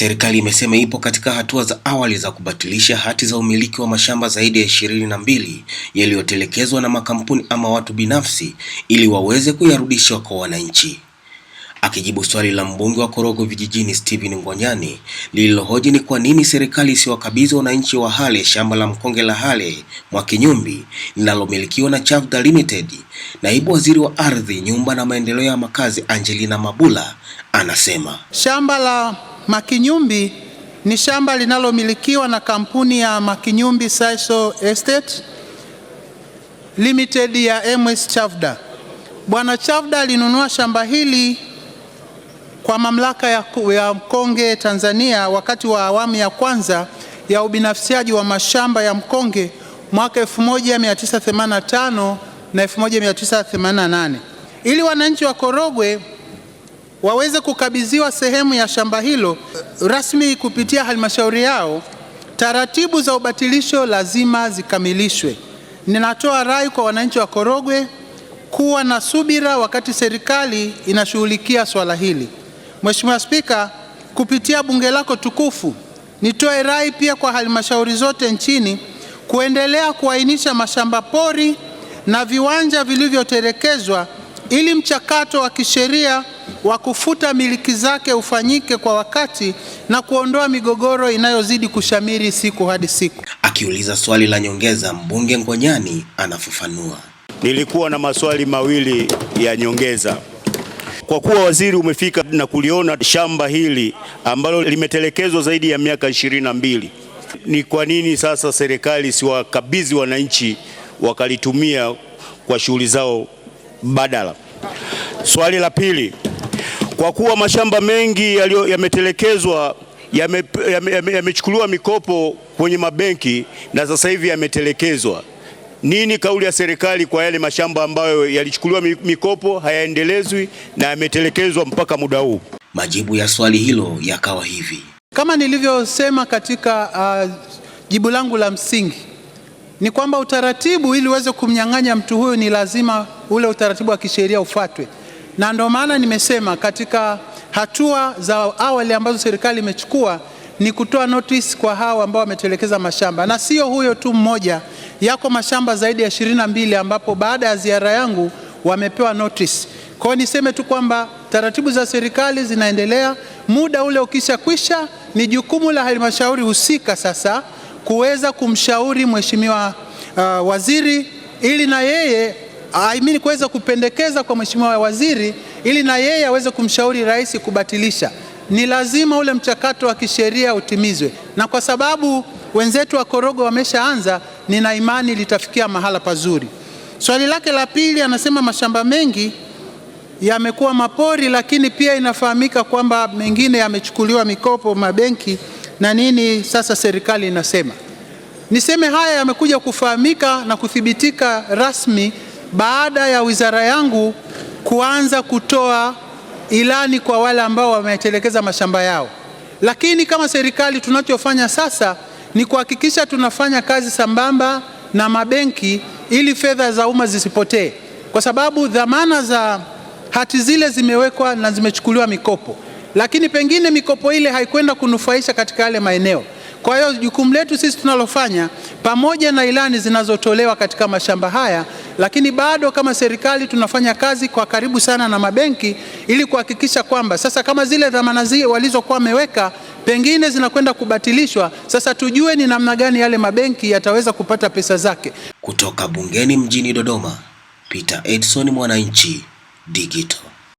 Serikali imesema ipo katika hatua za awali za kubatilisha hati za umiliki wa mashamba zaidi ya ishirini na mbili yaliyotelekezwa na makampuni ama watu binafsi ili waweze kuyarudisha kwa wananchi. Akijibu swali la mbunge wa Korogwe Vijijini Stephen Ngonyani lililohoji ni kwa nini serikali isiwakabidhi wananchi wa Hale shamba la mkonge la Hale Mwakinyumbi linalomilikiwa na Chavda Limited, naibu waziri wa ardhi, nyumba na maendeleo ya makazi Angelina Mabula anasema shamba la Makinyumbi ni shamba linalomilikiwa na kampuni ya Makinyumbi Saiso Estate Limited ya MS Chavda. Bwana Chavda alinunua shamba hili kwa mamlaka ya, ya Mkonge Tanzania wakati wa awamu ya kwanza ya ubinafsiaji wa mashamba ya Mkonge mwaka 1985 na 1988 ili wananchi wa Korogwe waweze kukabidhiwa sehemu ya shamba hilo rasmi kupitia halmashauri yao. Taratibu za ubatilisho lazima zikamilishwe. Ninatoa rai kwa wananchi wa Korogwe kuwa na subira wakati serikali inashughulikia swala hili. Mheshimiwa Spika, kupitia bunge lako tukufu, nitoe rai pia kwa halmashauri zote nchini kuendelea kuainisha mashamba pori na viwanja vilivyoterekezwa ili mchakato wa kisheria wa kufuta miliki zake ufanyike kwa wakati na kuondoa migogoro inayozidi kushamiri siku hadi siku. Akiuliza swali la nyongeza, mbunge Ngonyani anafafanua. Nilikuwa na maswali mawili ya nyongeza. Kwa kuwa waziri umefika na kuliona shamba hili ambalo limetelekezwa zaidi ya miaka ishirini na mbili, ni kwa nini sasa serikali siwakabidhi wananchi wakalitumia kwa shughuli zao mbadala. Swali la pili, kwa kuwa mashamba mengi yametelekezwa yamechukuliwa mikopo kwenye mabenki na sasa hivi yametelekezwa, nini kauli ya serikali kwa yale mashamba ambayo yalichukuliwa mikopo hayaendelezwi na yametelekezwa mpaka muda huu? Majibu ya swali hilo yakawa hivi kama nilivyosema katika uh, jibu langu la msingi ni kwamba utaratibu ili uweze kumnyang'anya mtu huyu ni lazima ule utaratibu wa kisheria ufuatwe, na ndio maana nimesema katika hatua za awali ambazo serikali imechukua ni kutoa notice kwa hao ambao wametelekeza mashamba, na sio huyo tu mmoja, yako mashamba zaidi ya ishirini na mbili ambapo baada ya ziara yangu wamepewa notice. Kwa hiyo niseme tu kwamba taratibu za serikali zinaendelea. Muda ule ukisha kwisha, ni jukumu la halmashauri husika sasa kuweza kumshauri mheshimiwa uh, waziri ili na yeye I mean kuweza kupendekeza kwa mheshimiwa waziri ili na yeye aweze kumshauri rais kubatilisha. Ni lazima ule mchakato wa kisheria utimizwe, na kwa sababu wenzetu wa Korogo wameshaanza, nina imani litafikia mahala pazuri. Swali lake la pili, anasema mashamba mengi yamekuwa mapori, lakini pia inafahamika kwamba mengine yamechukuliwa mikopo mabenki na nini. Sasa serikali inasema, niseme haya yamekuja kufahamika na kuthibitika rasmi baada ya wizara yangu kuanza kutoa ilani kwa wale ambao wametelekeza mashamba yao. Lakini kama serikali, tunachofanya sasa ni kuhakikisha tunafanya kazi sambamba na mabenki ili fedha za umma zisipotee, kwa sababu dhamana za hati zile zimewekwa na zimechukuliwa mikopo, lakini pengine mikopo ile haikwenda kunufaisha katika yale maeneo. Kwa hiyo jukumu letu sisi tunalofanya pamoja na ilani zinazotolewa katika mashamba haya lakini bado kama serikali tunafanya kazi kwa karibu sana na mabenki ili kuhakikisha kwamba sasa kama zile dhamana zile walizokuwa wameweka pengine zinakwenda kubatilishwa, sasa tujue ni namna gani yale mabenki yataweza kupata pesa zake. Kutoka bungeni mjini Dodoma, Peter Edson, Mwananchi Digital.